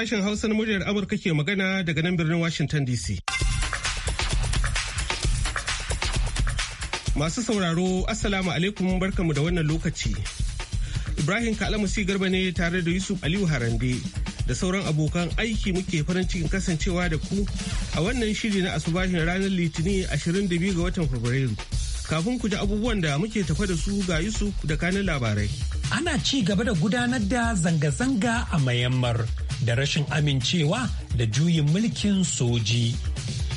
Sashen Hausa na muryar Amurka ke magana daga nan birnin Washington DC. Masu sauraro, Assalamu alaikum barkamu da wannan lokaci. Ibrahim Kalamusi Garba ne tare da Yusuf Aliyu Harande da sauran abokan aiki muke farin cikin kasancewa da ku a wannan shiri na asubahin ranar Litinin 22 ga watan Fabrairu. Kafin ku ji abubuwan da muke tafa da su ga Yusuf da kanin labarai. Ana ci gaba da gudanar da zanga-zanga a Mayammar. da rashin amincewa da juyin mulkin soji.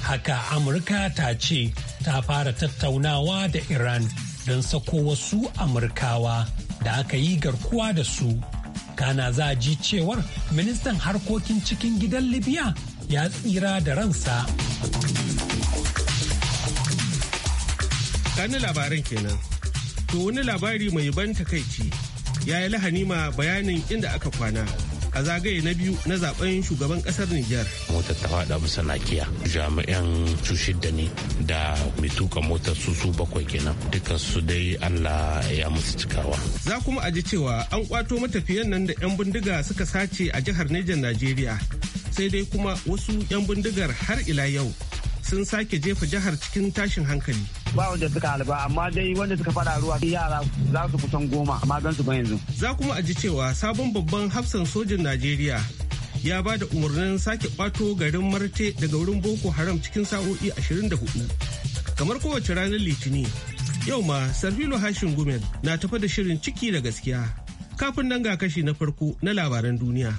Haka Amurka ta ce ta fara tattaunawa da Iran don sako wasu Amurkawa da aka yi garkuwa da su. Kana za ji cewar ministan harkokin cikin gidan Libya ya tsira da ransa. Kani labaran kenan. To wani labari mai ban takaici ya yi lahani ma bayanin inda aka kwana. a zagaye na biyu na zaben shugaban kasar Nijar. Motar ta faɗa musu nakiya jami'an su shidda ne da mai tuka motar su su bakwai kenan dukkan su dai Allah ya musu cikawa. Za kuma a ji cewa an kwato matafiyan nan da 'yan bindiga suka sace a jihar Nijar Najeriya. Sai dai kuma wasu 'yan bindigar har ila yau sun sake jefa jihar cikin tashin hankali. ba wanda suka halba amma dai wanda suka fada ruwa yara za su kusan goma amma gan su ba yanzu za kuma a ji cewa sabon babban hafsan sojin najeriya ya ba da umarnin sake kwato garin marte daga wurin boko haram cikin sa'o'i 24 kamar kowace ranar litini yau ma sarfilo hashin gumel na tafa da shirin ciki da gaskiya kafin nan ga kashi na farko na labaran duniya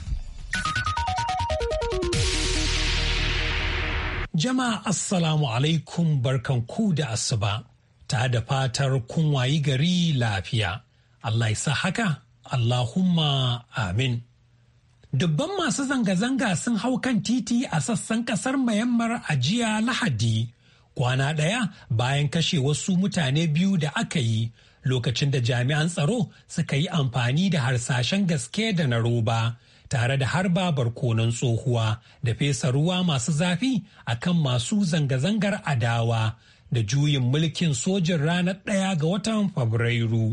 Jama'a Assalamu alaikum barkan ku da asuba, ta da fatar kun wayi gari lafiya. Allah ya sa haka, Allahumma amin. Dubban masu zanga-zanga sun hau kan titi a sassan kasar Mayammar a jiya Lahadi, kwana ɗaya bayan kashe wasu mutane biyu da aka yi lokacin da jami'an tsaro suka yi amfani da harsashen gaske da na roba tare da harba konon tsohuwa da fesa ruwa masu zafi a kan masu zanga-zangar adawa da juyin mulkin sojin ranar ɗaya ga watan Fabrairu.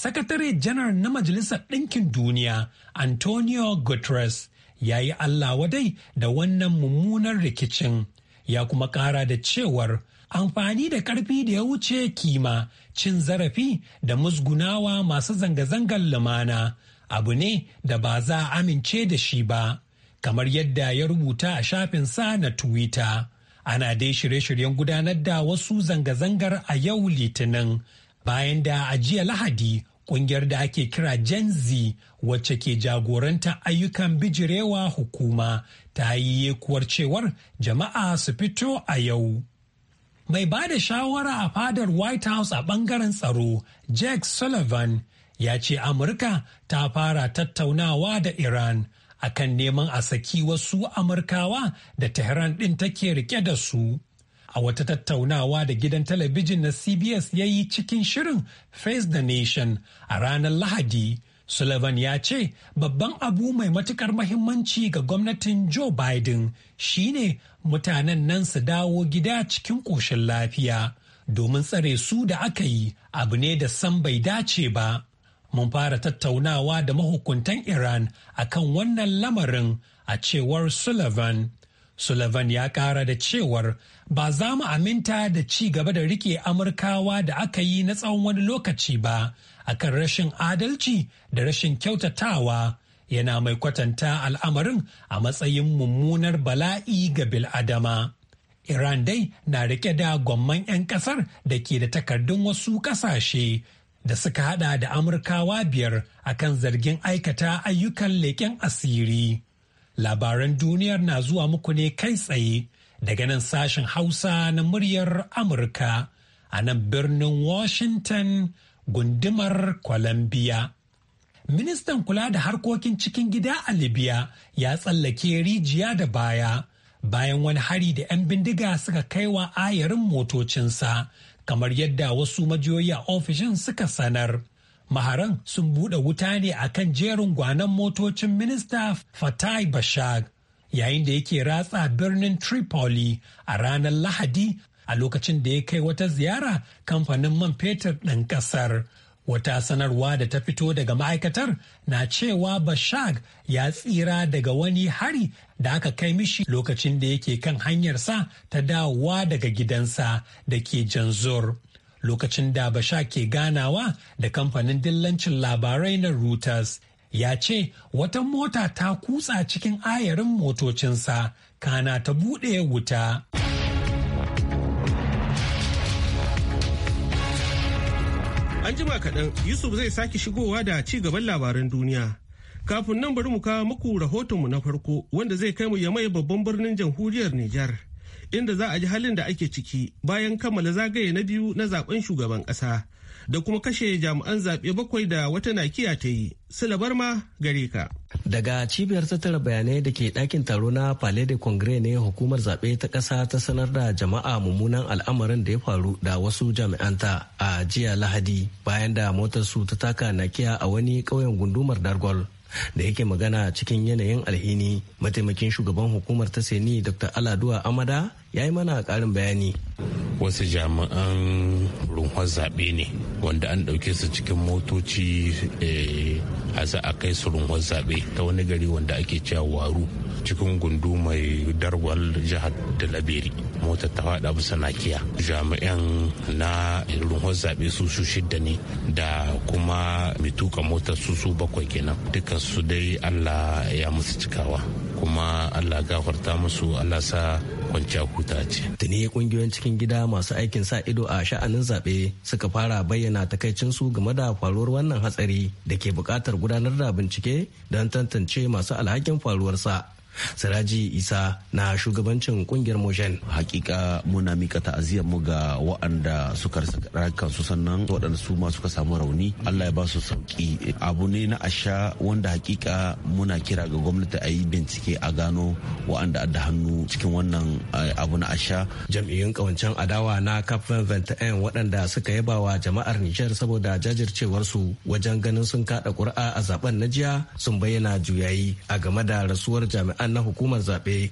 Sakatare janar na Majalisar Ɗinkin Duniya Antonio Guterres ya yi Allah wadai da wannan mummunar rikicin ya kuma ƙara da cewar amfani da ƙarfi da ya wuce kima cin zarafi da musgunawa masu zanga-zangar lumana abu ne da ba za a amince da shi ba kamar yadda ya rubuta a shafinsa na twitter ana dai shirye-shiryen gudanar da wasu zanga-zangar a yau litinin bayan da a jiya lahadi ƙungiyar da ake kira gen z wacce ke jagoranta ayyukan bijirewa hukuma ta yi yekuwar cewar jama'a su fito a yau mai ba da shawara a fadar white house a bangaren tsaro jack sullivan ya ce Amurka ta fara tattaunawa da Iran akan neman a saki wasu Amurkawa da Tehran ɗin take rike da su. A wata tattaunawa da gidan talabijin na CBS ya yi cikin shirin Face the Nation a ranar Lahadi, Sullivan ya ce babban abu mai matukar mahimmanci ga gwamnatin Joe Biden shine mutanen nan su dawo gida cikin ƙoshin lafiya. domin tsare su da aka yi abu ne da san bai dace ba. mun fara tattaunawa da mahukuntan Iran akan wannan lamarin a cewar Sullivan. Sullivan ya kara da cewar ba za mu aminta da ci gaba da rike Amurkawa da aka yi na tsawon wani lokaci ba akan rashin adalci da rashin kyautatawa yana mai kwatanta al'amarin a matsayin mummunar bala'i ga bil'adama. Iran dai na rike da gwamman 'yan kasar da ke da takardun wasu ƙasashe. da suka hada da Amurkawa biyar akan zargin aikata ayyukan leƙen asiri. Labaran duniyar na zuwa muku ne kai tsaye daga nan sashen Hausa na muryar Amurka a nan birnin Washington gundumar Columbia. Ministan kula da harkokin cikin gida a Libya ya tsallake rijiya da baya bayan wani hari da 'yan bindiga suka kaiwa ayarin motocinsa kamar yadda wasu majiyoyi a ofishin suka sanar. Maharan sun buɗe wuta ne a kan jerin gwanon motocin minista Fatai Bashag yayin da yake ratsa birnin Tripoli a ranar Lahadi a lokacin da ya kai wata ziyara kamfanin man fetur ɗin ƙasar. Wata sanarwa da ta fito daga ma'aikatar na cewa Bashag ya tsira daga wani hari da aka kai mishi lokacin da yake kan hanyarsa ta dawowa daga gidansa da ke Janzur. Lokacin da Bashag ke ganawa da kamfanin dillancin labarai na Reuters ya ce wata mota ta kutsa cikin ayarin motocinsa kana ta buɗe wuta. An jima kaɗan Yusuf zai sake shigowa da ci gaban labaran duniya. Kafin nan bari mu kawo muku rahotonmu na farko wanda zai kai mu ya mai babban birnin jamhuriyar Nijar. Inda za a ji halin da ake ciki bayan kammala zagaye na biyu na zaben shugaban ƙasa da kuma kashe jami'an zaɓe bakwai da wata nakiya ta yi. Silabar ma gare ka. Daga cibiyar tattara bayanai da ke ɗakin taro na Palais de Congrès ne hukumar zaɓe ta ƙasa ta sanar da jama'a mummunan al'amarin da ya faru da wasu jami'anta a jiya Lahadi bayan da motar su ta taka nakiya a wani ƙauyen gundumar Dargol. da yake magana cikin yanayin alhini mataimakin shugaban hukumar ta seni dr aladuwa amada ya yi mana karin bayani wasu jami'an runhon zaɓe ne wanda an ɗauke su cikin motoci eh, a za a kai su runhon zaɓe ta wani gari wanda ake cewa waru cikin gundu mai darwal jihar laberi motar ta faɗa bisa nakiya jami'an na runhon zaɓe su su shidda ne da kuma mai tuka motar su su bakwai kenan dukkan su dai allah ya musu cikawa kuma allah gafarta musu allah sa kwanciya huta ce. Tuni kungiyoyin cikin gida masu aikin sa ido a sha'anin zaɓe suka fara bayyana takaicin su game da faruwar wannan hatsari da ke buƙatar gudanar da bincike don tantance masu alhakin faruwarsa Siraji Isa na shugabancin kungiyar Mojen. Hakika muna mika ta'aziyar mu ga waɗanda suka rasa rayukansu sannan waɗanda su ma suka samu rauni. Allah ya ba su sauki. Abu ne na asha wanda hakika muna kira ga gwamnati a yi bincike a gano waɗanda adda hannu cikin wannan eh, abu na asha. Jam'iyyun kawancen adawa na kafin 21 waɗanda suka yaba wa jama'ar Nijar saboda jajircewar su wajen ganin sun kaɗa ƙuri'a a zaben na jiya sun bayyana juyayi a game da rasuwar jami'an jami'an na hukumar zaɓe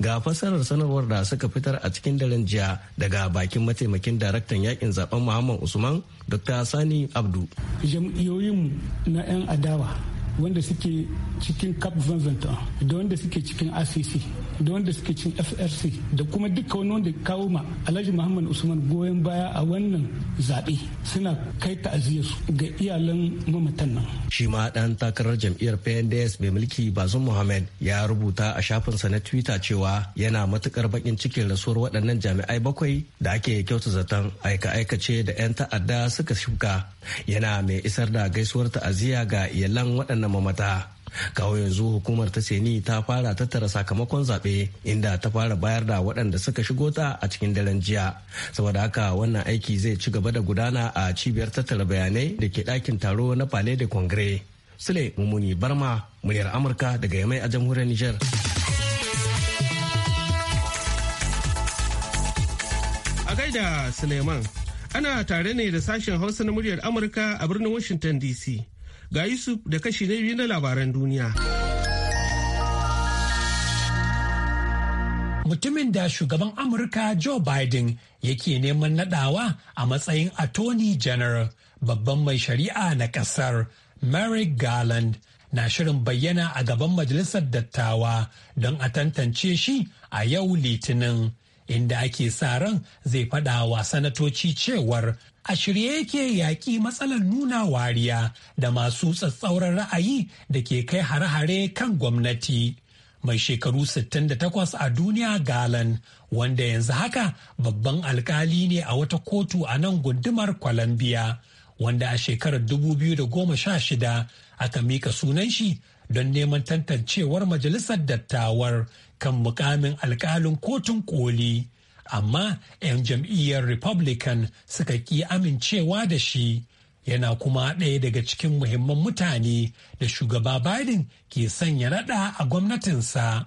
ga fassarar sanarwar da suka fitar a cikin daren jiya daga bakin mataimakin daraktan yakin zaben muhammad usman dr sani abdu jam'iyyoyinmu na 'yan adawa wanda suke cikin cap 2021 da wanda suke cikin acc da wanda suke cikin frc da kuma duka wani wanda kawo ma alhaji muhammad usman goyon baya a wannan zaɓe suna kai ta'aziyarsu ga iyalan mamatan nan shi ma dan takarar jam'iyyar pnds mai mulki bazum muhammad ya rubuta a shafinsa na twitter cewa yana matukar bakin cikin rasuwar waɗannan jami'ai bakwai da ake kyauta zaton aika-aikace da 'yan ta'adda suka shuka yana mai isar da gaisuwar ta'aziyya ga iyalan waɗannan mamata kawo yanzu hukumar ta seni ta fara tattara sakamakon zaɓe inda ta fara bayar da waɗanda suka shigo ta a cikin daren jiya saboda haka wannan aiki zai ci gaba da gudana a cibiyar tattara bayanai da ke ɗakin taro na pale de congre sule mummuni barma muryar amurka daga yamai a jamhuriyar niger a gaida suleiman Ana tare ne da sashen Hausa na muryar Amurka a birnin Washington DC. Ga Yusuf da kashi na biyu na labaran duniya. Mutumin da shugaban Amurka Joe Biden yake neman nadawa a matsayin Attorney General babban mai shari'a na kasar Merrick Garland na shirin bayyana a gaban majalisar dattawa don a tantance shi a yau litinin. inda ake sa ran zai faɗawa wa sanatoci cewar a shirye yake yaƙi matsalar nuna wariya da masu tsatsauran ra'ayi da ke kai hare-hare kan gwamnati. Mai shekaru 68 a duniya galan wanda yanzu haka babban alkali ne a wata kotu a nan gundumar kwalambiya. wanda a shekarar 2016 aka mika sunan shi don neman tantancewar majalisar dattawar kan mukamin alkalin kotun koli amma 'yan jam'iyyar republican suka ƙi amincewa da shi yana kuma ɗaya daga cikin muhimman mutane da shugaba biden ke sanya naɗa a gwamnatinsa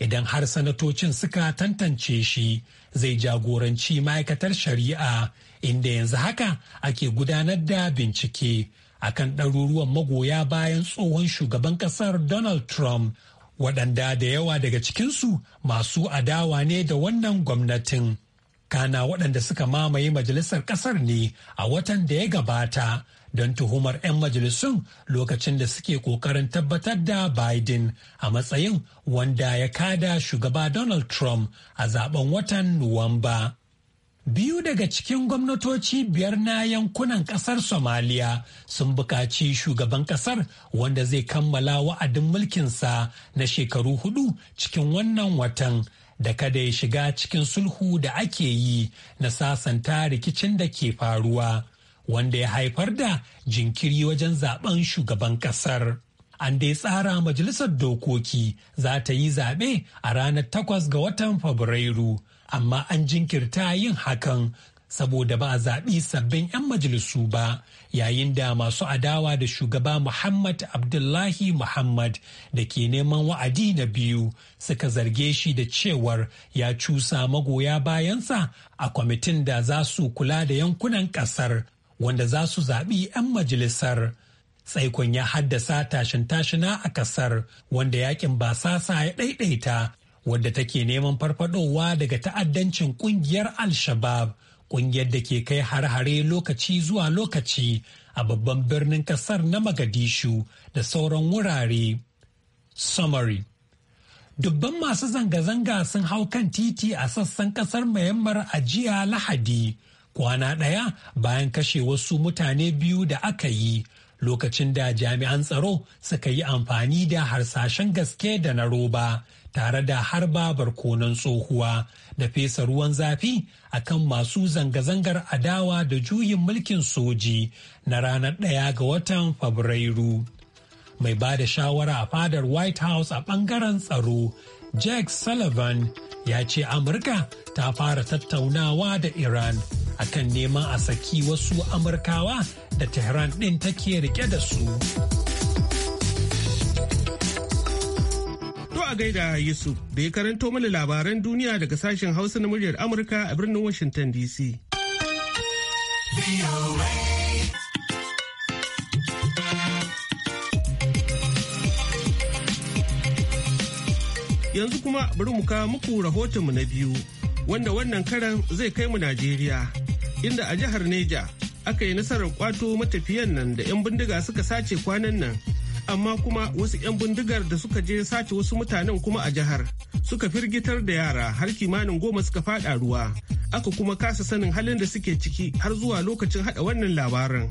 idan har sanatocin suka tantance shi zai jagoranci ma'aikatar shari'a inda yanzu haka ake gudanar da bincike akan ɗaruruwan magoya bayan tsohon shugaban ƙasar Donald Trump waɗanda da yawa daga cikinsu masu adawa ne da wannan gwamnatin. Kana waɗanda suka mamaye majalisar ƙasar ne a watan da ya gabata don tuhumar 'yan majalisun lokacin da suke ƙoƙarin tabbatar da Biden a matsayin wanda ya kada shugaba Donald Trump a zaben watan Nuwamba. Biyu daga cikin gwamnatoci biyar na yankunan kasar Somaliya sun buƙaci shugaban kasar wanda zai kammala wa'adin mulkinsa na shekaru hudu cikin wannan watan da kada ya shiga cikin sulhu da ake yi na sasanta rikicin da ke faruwa wanda ya haifar da jinkiri wajen zaben shugaban kasar. An dai tsara majalisar dokoki za ta yi zaɓe a ranar takwas ga watan Fabrairu. amma an jinkirta yin hakan saboda ba a zaɓi sabbin 'yan majalisu ba yayin da masu adawa da shugaba Muhammad Abdullahi Muhammad da ke neman wa'adi na biyu suka zarge shi da cewar ya cusa magoya bayansa a kwamitin da za su kula da yankunan ƙasar wanda za su zaɓi 'yan majalisar. Tsaikon ya haddasa tashin-tashina a ƙasar wanda yakin basasa ya ɗaiɗaita wadda take neman farfadowa daga ta'addancin kungiyar al-shabab kungiyar da ke kai har-hare lokaci zuwa lokaci a babban birnin kasar na magadishu da sauran wurare summary dubban masu zanga-zanga sun hau kan titi a sassan kasar mayammar a jiya lahadi kwana ɗaya bayan kashe wasu mutane biyu da aka yi lokacin da jami'an tsaro suka yi amfani da harsashen gaske da na roba tare da harba barkonon tsohuwa da fesa ruwan zafi a kan masu zanga-zangar adawa da juyin mulkin soji na ranar ɗaya ga watan Fabrairu. Mai ba da shawara a fadar White House a ɓangaren tsaro, Jack Sullivan ya ce Amurka ta fara tattaunawa da Iran akan neman a saki wasu Amurkawa da Tehran ɗin take rike da su. a gaida Yusuf da ya karanto mana labaran duniya daga sashen Hausa na muryar Amurka a birnin Washington DC. Yanzu kuma bari mu kawo muku rahotonmu na biyu wanda wannan karan zai kai mu Najeriya inda a jihar Neja aka yi nasarar kwato matafiyan nan da 'yan bindiga suka sace kwanan nan. amma kuma wasu 'yan bindigar da suka je sace wasu mutanen kuma a jihar suka firgitar da yara har kimanin goma suka fada ruwa aka kuma kasa sanin halin da suke ciki har zuwa lokacin hada wannan labarin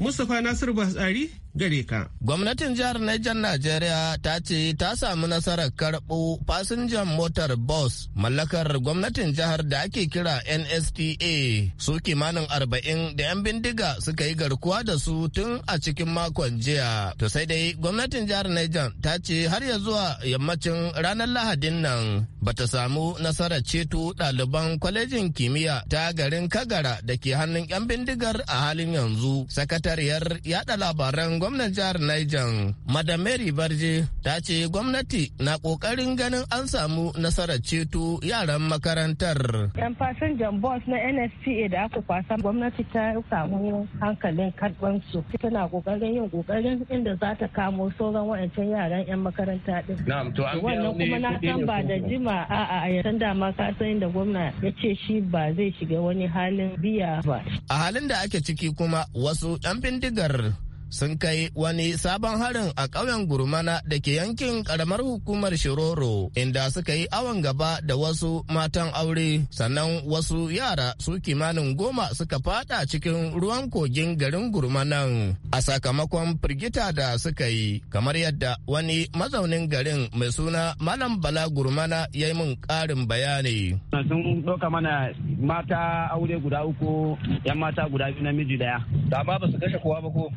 mustapha nasir batsari gare ka. Gwamnatin jihar Niger Najeriya ta ce ta samu nasarar karɓo fasinjan motar bus mallakar gwamnatin jihar da ake kira NSTA su kimanin arba'in da 'yan bindiga suka yi garkuwa da su tun a cikin makon jiya. To sai dai gwamnatin jihar Niger ta ce har ya zuwa yammacin ranar Lahadin nan bata samu nasarar ceto ɗaliban kwalejin kimiyya ta garin Kagara da ke hannun 'yan bindigar a halin yanzu. Sakatariyar yada labaran gwamnan jihar Niger, Madam Mary Barje, ta ce gwamnati na ƙoƙarin ganin an samu nasarar ceto yaran makarantar. Yan fasinjan bus na NSPA da aka kwasa gwamnati ta samu hankalin su Tana ƙoƙarin yin ƙoƙarin inda za ta kamo sauran wa'ancan yaran 'yan makaranta ɗin. Na'am, to an Wannan kuma na san ba da jima a a da dama ka san inda gwamna ya ce shi ba zai shiga wani halin biya ba. A halin da ake ciki kuma wasu 'yan bindigar sun kai wani sabon harin a ƙauyen gurmana da ke yankin ƙaramar hukumar shiroro inda suka yi awon gaba da wasu matan aure sannan wasu yara su kimanin goma suka fada cikin ruwan kogin garin gurmanan a sakamakon firgita da suka yi kamar yadda wani mazaunin garin mai suna malam bala gurmana ya yi min ƙarin bayani. sun ɗauka mana mata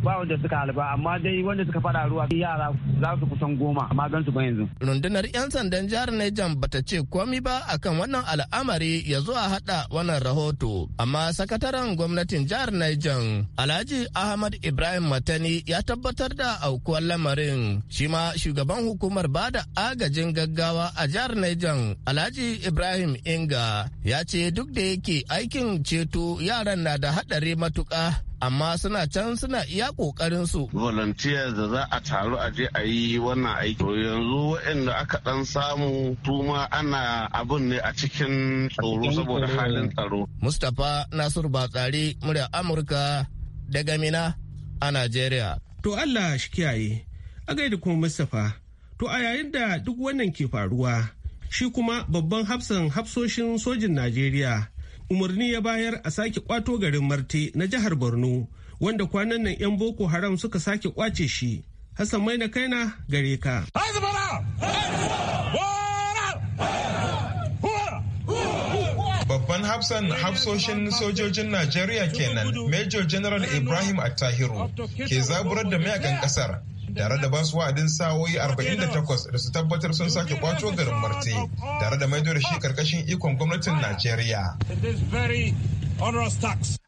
ba wanda suka halba amma dai wanda suka fada ruwa yara za su kusan goma amma gan su ba yanzu. Rundunar 'yan sandan jihar Niger bata ce komi ba akan wannan al'amari ya zuwa hada wannan rahoto amma sakataren gwamnatin jihar Niger Alhaji Ahmad Ibrahim Matani ya tabbatar da aukuwar lamarin shi ma shugaban hukumar ba da agajin gaggawa a jihar Niger Alhaji Ibrahim Inga ya ce duk da yake aikin ceto yaran na da hadari matuƙa. amma suna can suna iya kokarin su. Volunteers da za a taru a je a yi wannan aiki. To yanzu waɗanda aka ɗan samu tuma ana abun ne a cikin tsoro saboda halin tsaro. Mustapha Nasiru Batsari murya Amurka daga Mina a Najeriya. To Allah shi kiyaye. A gaida kuma Mustapha. To a yayin da duk wannan ke faruwa, shi kuma babban hafsan hafsoshin sojin Najeriya umarni ya bayar a sake kwato garin marte na jihar borno wanda kwanan nan 'yan boko haram suka sake kwace shi hassan mai na kaina gare ka babban hafsan hafsoshin sojojin najeriya kenan major general ibrahim attahiru ke zaburar da mayakan kasar tare da basu wa'adin sa'o'i 48 da su tabbatar sun sake kwato garin marte tare da maido da shi karkashin ikon gwamnatin najeriya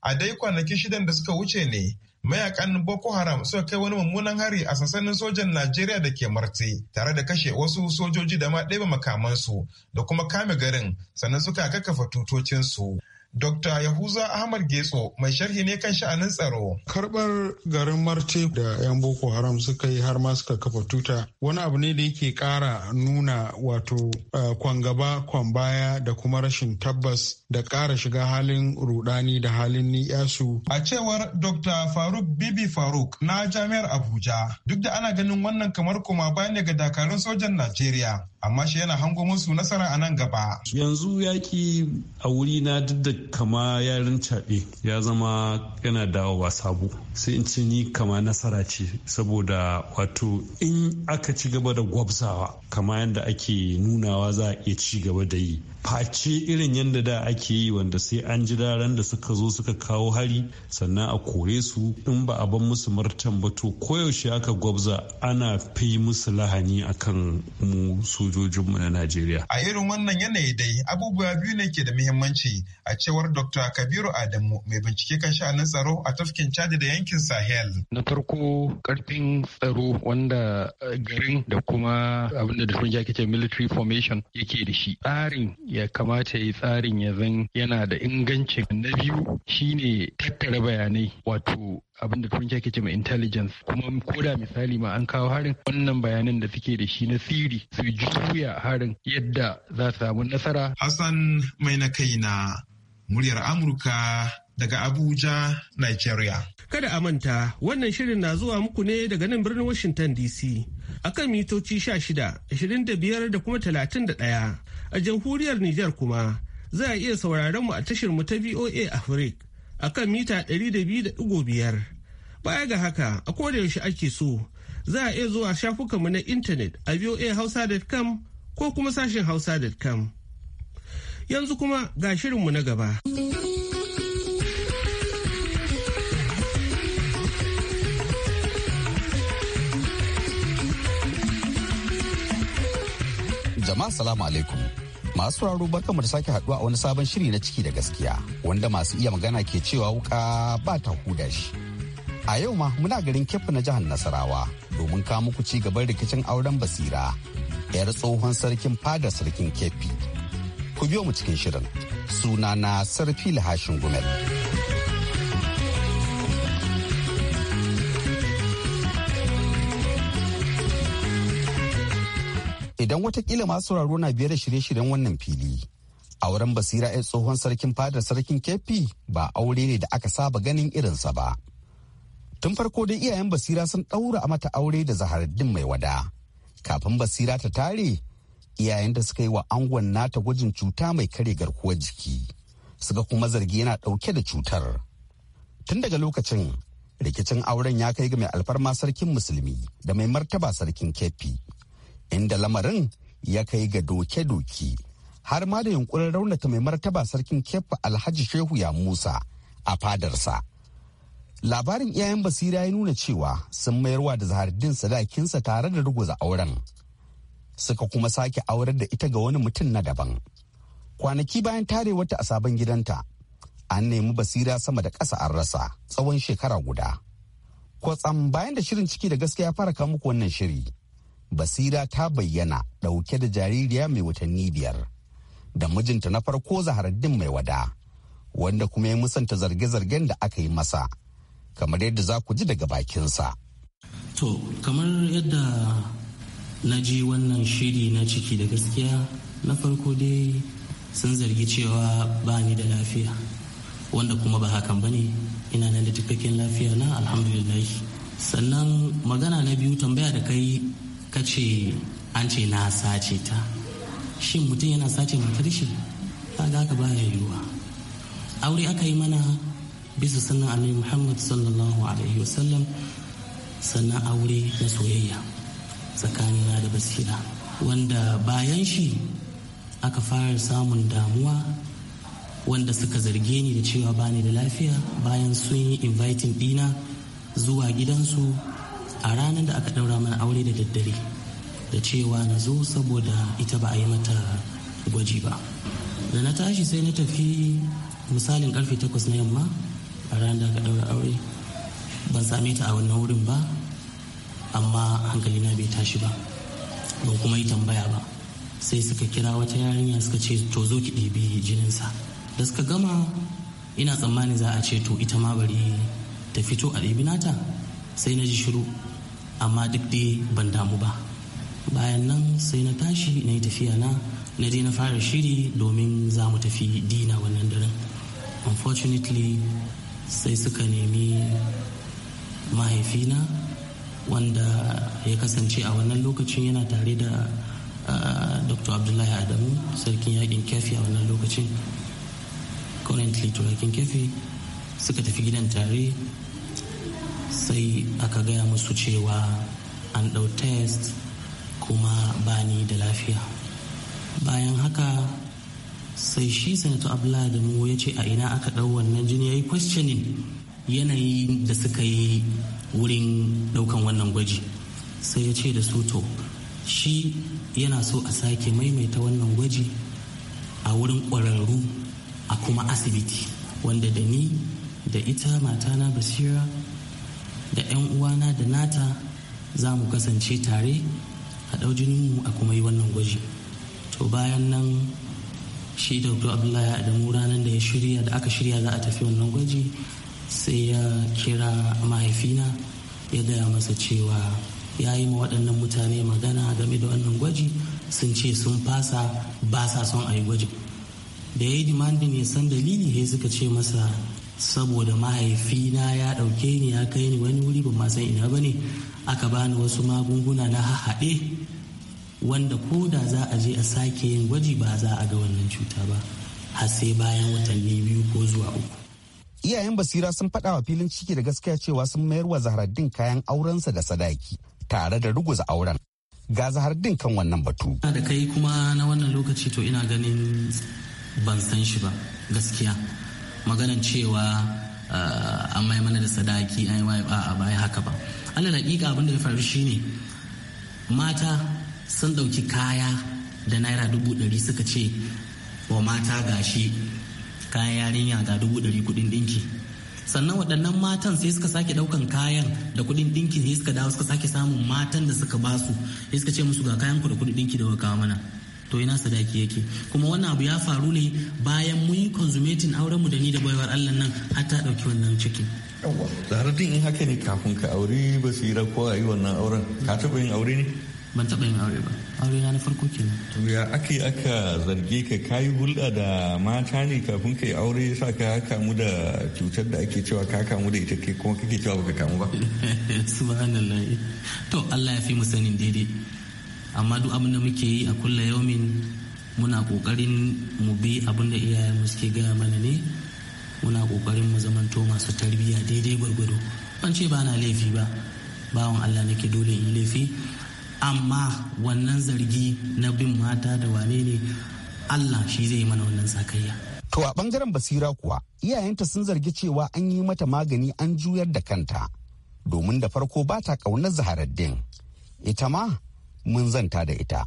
a dai kwanaki shidan da suka wuce ne mayakan boko haram suka kai wani mummunan hari a sansanin sojan najeriya da ke marte tare da kashe wasu sojoji da ma ɗaya makamansu da kuma kame garin sannan suka kakkafa tutocinsu Dr. Yahuza Ahmad Getso mai sharhi ne kan sha'anin tsaro. Karbar garin Marte da 'yan Boko Haram suka yi har ma suka kafa tuta wani abu ne da yake kara nuna wato uh, kwan baya da kuma rashin tabbas da kara shiga halin rudani da halin ni'yasu. A cewar Dr. Faruk Bibi Faruk na Jami'ar Abuja duk da ana ganin wannan kamar koma baya ne ga dakarun sojan Najeriya amma shi yana hango musu nasara a nan gaba. Yanzu yaki a wuri na duk da kama yarin caɓe ya zama yana dawowa sabo sai in ce ni kama nasara ce saboda wato in aka ci gaba da gwabzawa kama yadda ake nunawa za a iya ci gaba da yi face irin yadda da ake yi wanda sai an ji daren da suka zo suka kawo hari sannan a kore su in ba a ban musu martan ba to koyaushe aka gwabza ana fi musu lahani akan mu sojojinmu na najeriya a irin wannan yanayi dai abubuwa biyu ne ke da muhimmanci a cewar dr kabiru adamu mai bincike kan sha'anin tsaro a tafkin chad da yankin sahel na farko karfin tsaro wanda eh, garin da kuma abin wanda da turanci ake ce military formation yake da shi tsarin ya kamata ya tsarin ya zan yana da ingancin na biyu shine tattara bayanai wato abin da turanci ce mai intelligence kuma koda misali ma an kawo harin wannan bayanan da suke da shi na siri su juya harin yadda za su samu nasara hassan mai na kai na muryar amurka daga abuja nigeria kada a manta wannan shirin na zuwa muku ne daga nan birnin washington dc akan mitoci 16, 25 da kuma 31. A jamhuriyar Nijar kuma za a iya sauraron mu a tashar mu ta VOA Africa akan mita 200.5. Baya ga haka, a koda yaushe ake so, za a iya zuwa mu na intanet a voahausa.com ko kuma sashen hausa.com. Yanzu kuma ga shirin mu na gaba. Jama'a salamu alaikum. Masu sauraro mu da sake haduwa a wani sabon shiri na ciki da gaskiya wanda masu iya magana ke cewa wuka ba ta huda shi. A yau ma muna garin kefa na jihar Nasarawa domin kawo muku ci gaban rikicin auren basira 'yar tsohon sarkin fada sarkin kefi. Ku biyo mu cikin shirin. Sunana Sarfi Lahashin Gumel. Idan watakila masu sauraro na biyar da shirye-shiryen wannan fili, auren basira ya tsohon sarkin fadar sarkin kefi ba aure ne da aka saba ganin irinsa ba. Tun farko dai iyayen basira sun ɗaura mata aure da zaharaddin mai wada. Kafin basira ta tare, iyayen da suka yi wa angon nata gwajin cuta mai kare garkuwar jiki. Suka kuma zargi yana ɗauke da cutar. Tun daga lokacin, rikicin auren ya kai ga mai alfarma sarkin musulmi da mai martaba sarkin kefi. inda lamarin ya kai ga doke doki har ma da yunkurin raunata mai martaba sarkin kefa alhaji shehu ya musa a fadarsa labarin iyayen basira ya nuna cewa sun mayarwa da zahardin sadakinsa tare da ruguza auren suka kuma sake aurar da ita ga wani mutum na daban kwanaki bayan tare wata a sabon gidanta an nemi basira sama da ƙasa an rasa tsawon shekara guda kwatsam bayan da shirin ciki da gaskiya fara kawo muku wannan shiri basira ta bayyana ɗauke da jaririya mai watanni biyar da mijinta na farko zaharaddin mai wada wanda kuma ya musanta zarge-zargen da aka yi masa kamar yadda za ku ji daga bakinsa. to kamar yadda na ji wannan shiri na ciki da gaskiya na farko dai sun zargi cewa ba ni da lafiya wanda kuma ba hakan ba ne ina nan da cikakken lafiya na alhamdulillah sannan magana na biyu tambaya da kai ka ce an ce na sace ta shin mutum yana sace matar shi ga aka baya yiwuwa aure aka yi mana bisa sannan annabi muhammad sallallahu alaihi wasallam sannan aure na soyayya tsakanina da basira wanda bayan shi aka fara samun damuwa wanda suka zarge ni da cewa bani da lafiya bayan sun yi inviting dina zuwa gidansu a ranar da aka ɗaura mana aure da daddare da cewa na zo saboda ita ba a yi mata gwaji ba da na tashi sai na tafi misalin karfe takwas na yamma a ranar da aka daura aure ban same ta a wannan wurin ba amma hankali na bai tashi ba ban kuma yi tambaya ba sai suka kira wata yarinya suka ce to zo ki ɗebi jininsa da suka gama ina tsammanin za a ce to ita ma bari ta fito a ɗebi nata sai na ji shiru amma duk dai ban damu ba bayan nan sai na tashi na yi tafiya na na je na fara shiri domin za mu tafi dina wannan daren unfortunately sai suka nemi mahaifina wanda ya kasance a wannan lokacin yana tare da dr abdullahi adamu sarkin yakin kefi a wannan lokacin currently to yakin kefi suka tafi gidan tare sai aka gaya musu cewa an ɗau test kuma ba ni da lafiya bayan haka sai shi senator abdullahi mu ya ce a ina aka ɗau wannan jini ya yi questioning yanayi da suka yi wurin ɗaukan wannan gwaji sai ya ce da su to shi yana so a sake maimaita wannan gwaji a wurin ƙwararru a kuma asibiti wanda da ni da ita matana basira da 'yan uwana da nata za mu kasance tare a ɗau mu a kuma yi wannan gwaji to bayan nan shi dr abdullahi adamu ranar da ya shirya da aka shirya za a tafi wannan gwaji sai ya kira mahaifina ya gaya masa cewa ya yi ma waɗannan mutane magana game da wannan gwaji sun ce sun fasa ba sa son a yi gwaji. da ya yi demandin ya san dalili ya suka ce masa saboda mahaifina ya ɗauke ni ya kai ni wani wuri ba san ina ba ne aka bani wasu magunguna na hahaɗe wanda ko da za a je a sake yin gwaji ba za a ga wannan cuta ba har sai bayan watanni biyu ko zuwa uku iyayen basira sun faɗa wa filin ciki da gaskiya cewa sun mayar wa zahardin kayan aurensa da sadaki tare da ruguza auren ga zahardin kan wannan batu da kai kuma na wannan lokaci to ina ganin ban san shi ba gaskiya maganan cewa ah, an mai mana da sadaki an yi wa a baya haka ba alal hakika abin da ya faru shine mata sun ɗauki kaya da naira dubu ɗari suka ce wa mata gashi kayan yarinya ga dubu ɗari kuɗin ɗinki sannan waɗannan matan sai suka sake ɗaukan kayan da kuɗin ɗinki sai suka dawo suka sake samun matan da suka basu sai suka ce musu ga kayan ku da kuɗin ɗinki da waka mana to ina sadaki yake kuma wannan abu ya faru ne bayan mun yi consumating auren mu da ni da baiwar Allah nan har ta dauki wannan ciki yawa din in haka ne kafin ka aure basira ko a yi wannan auren ka taɓa yin aure ne ban taɓa yin aure ba aure na farko kenan to ya aka yi aka zarge ka kayi hulɗa da mata ne kafin ka yi aure sa ka kamu da cutar da ake cewa ka kamu da ita ke kuma kake cewa baka kamu ba subhanallah to Allah ya fi mu sanin daidai amma duk abin da muke yi a kulla yaumin muna kokarin mu bi abin da mu suke gaya mana ne muna kokarin mu zamanto masu tarbiyya daidai gwargwado ban ce ba na laifi ba bawan allah nake dole in laifi amma wannan zargi na bin mata da wane ne allah shi zai yi mana wannan sakayya to a bangaren basira kuwa iyayenta sun zargi cewa an yi mata magani an juyar da kanta domin da farko ba ta ƙaunar zaharaddin ita ma mun zanta da ita.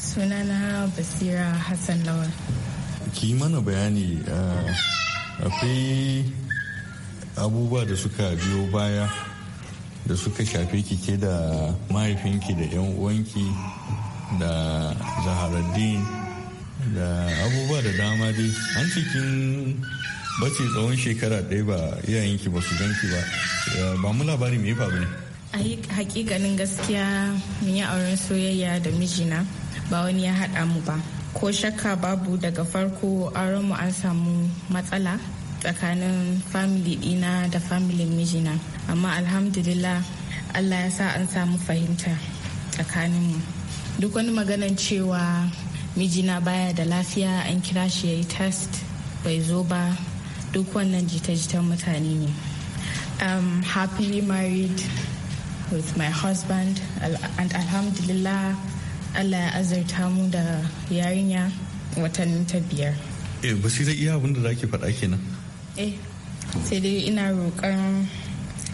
Sunana Basira Hassan Lawal. Ki yi mana bayani akwai abubuwa da suka biyo baya da suka shafe ki ke da mahaifinki da 'yan uwanki da zaharaddin da abubuwa da dama dai an cikin bace tsawon shekara ɗaya ba iyayenki ba su ganki ba ba mu labari me faru ne hakikanin gaskiya mun yi auren soyayya da mijina ba wani ya haɗa mu ba ko shakka babu daga farko auren mu an samu matsala tsakanin family dina da family mijina amma alhamdulillah allah ya sa an samu fahimta tsakanin mu duk wani maganan cewa mijina baya da lafiya an kira shi ya yi test bai zo ba duk wannan jita-jitan mutane ne um, happily married with my husband and alhamdulillah allah ya azurta mu da yarinya watanni ta biyar eh ba sai iya abin da zaki faɗa kenan eh sai dai ina roƙon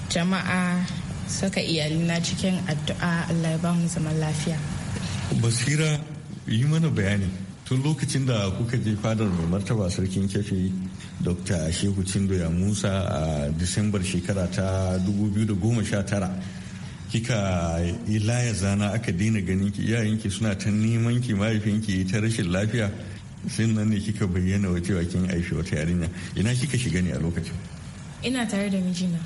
jama'a saka iyalina cikin addu'a allah ya ba mu zaman lafiya basira yi mana bayani tun lokacin da kuka je fadar mai martaba sarkin kefe dr shehu cindoya ya musa a disambar shekara ta 2019 kika yi ya zana aka daina ganin ki iyayenki suna ta neman ki mahaifinki ta rashin lafiya sun nan ne kika bayyana wa cewa kin aishi wata yarinya ina kika shiga ne a lokacin ina tare da mijina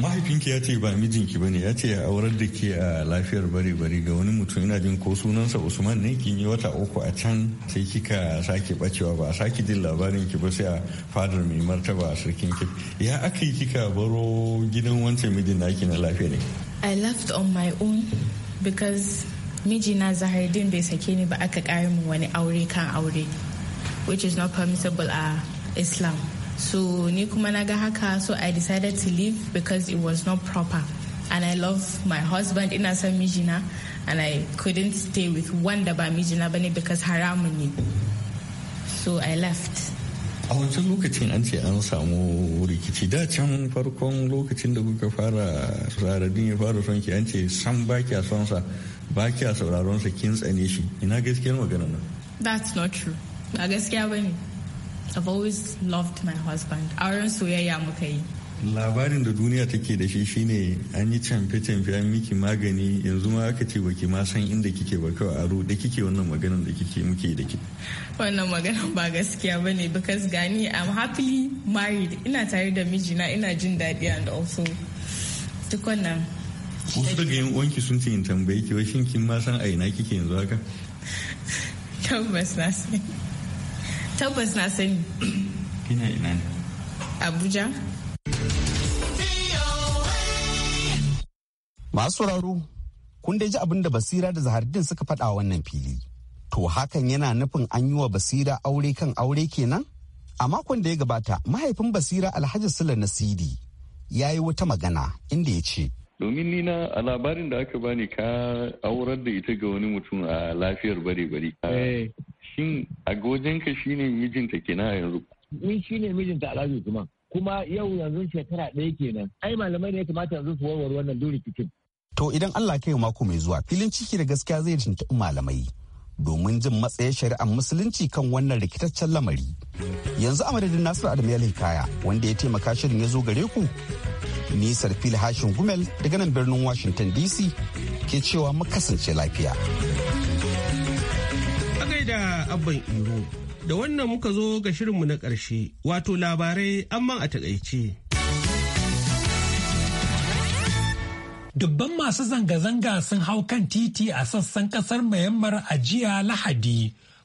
mahaifinki ya ce ba mijinki bane ya ce ya aurar da ke a lafiyar bari bari ga wani mutum ina jin ko sunansa usman ne kin yi wata uku a can sai kika sake bacewa ba a sake jin labarin ki ba sai a fadar mai martaba a sarkin ki ya aka yi kika baro gidan wancan mijin naki na lafiya ne I left on my own because mijina Zahardin bai sake ni ba aka ƙari mu wani aure kan aure which is not permissible a Islam. So ni kuma na ga haka so I decided to leave because it was not proper. And I love my husband ina son mijina and I couldn't stay with one da ba mijina bane because haramun ne. So I left. a wancan lokacin an ce an samu rikici da can farkon lokacin da kuka fara tsaradin ya fara son ki an ce san ba kya son sa ba kya sauraron sa kin tsane shi ina gaskiyar magana nan that's not true ba gaskiya bane i've always loved my husband auren soyayya muka yi labarin da duniya take da shi shine an yi canfe canfe an miki magani yanzu ma aka ce baki ma san inda kike ba kawai aro da kike wannan maganan da kike muke da ke wannan maganan ba gaskiya ba ne because gani i'm happily married ina tare da mijina ina jin daɗi and also duk wannan wasu daga yin uwanki sun ce in tambaye ki shin kin ma san a ina kike yanzu haka tabbas na sani tabbas na sani ina ina ne abuja Masu sauraro, kun dai ji abin da Basira da Zahardin suka faɗa wannan fili. To hakan yana nufin an yi wa Basira aure kan aure kenan? A makon da ya gabata, mahaifin Basira Alhaji Sula Nasidi ya yi wata magana inda ya ce. Domin nina a labarin da aka bani ka aurar da ita ga wani mutum a lafiyar bare-bare. Eh. Shin a gojenka shine mijinta kina yanzu? Ni shine mijinta Alhaji Usman. kuma yau yanzu shekara ɗaya kenan ai malamai ne ya kamata yanzu su warware wannan duk cikin. To idan Allah kai mako mai zuwa filin ciki da gaskiya zai tuntuɓi malamai domin jin matsayin shari'ar musulunci kan wannan rikitaccen lamari. Yanzu a madadin Nasiru Adam ya Kaya wanda ya taimaka shirin ya zo gare ku. Ni Sarfil Hashin Gumel daga nan birnin Washington DC ke cewa mu kasance lafiya. gaida abban iro da wannan muka zo ga shirinmu na ƙarshe wato labarai amma a taƙaice. dubban masu zanga-zanga sun hau kan titi a sassan kasar Myanmar a jiya Lahadi,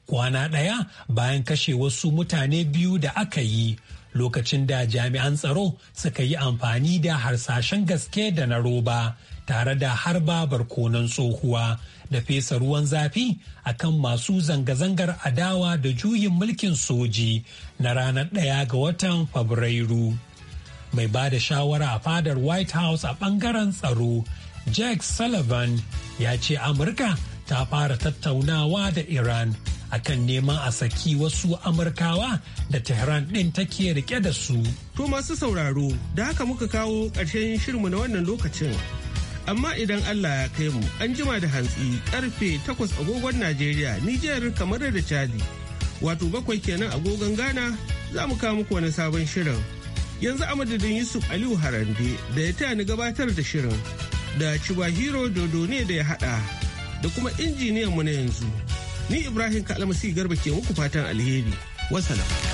kwana ɗaya bayan kashe wasu mutane biyu da aka yi lokacin da jami'an tsaro suka yi amfani da harsashen gaske da na roba tare da harba barkonon tsohuwa da fesa ruwan zafi a kan masu zanga-zangar adawa da juyin mulkin soji na ranar ɗaya ga watan Fabrairu. mai ba da shawara a fadar white house a bangaren tsaro jack sullivan ya ce amurka ta fara tattaunawa da iran akan neman a saki wasu amurkawa da tehran ɗin take rike da su to masu sauraro da haka muka kawo ƙarshen shirmu na wannan lokacin amma idan allah ya kai mu an jima da hantsi karfe 8 agogon najeriya nijar kamar da chadi wato bakwai kenan agogon ghana za mu kawo muku wani sabon shirin yanzu a madadin yusuf aliyu harande da ya taya ni gabatar da shirin da chibahiro dodo ne da ya haɗa da kuma injiniyan mu na yanzu ni ibrahim Kalamasi garba ke muku fatan alheri wasalam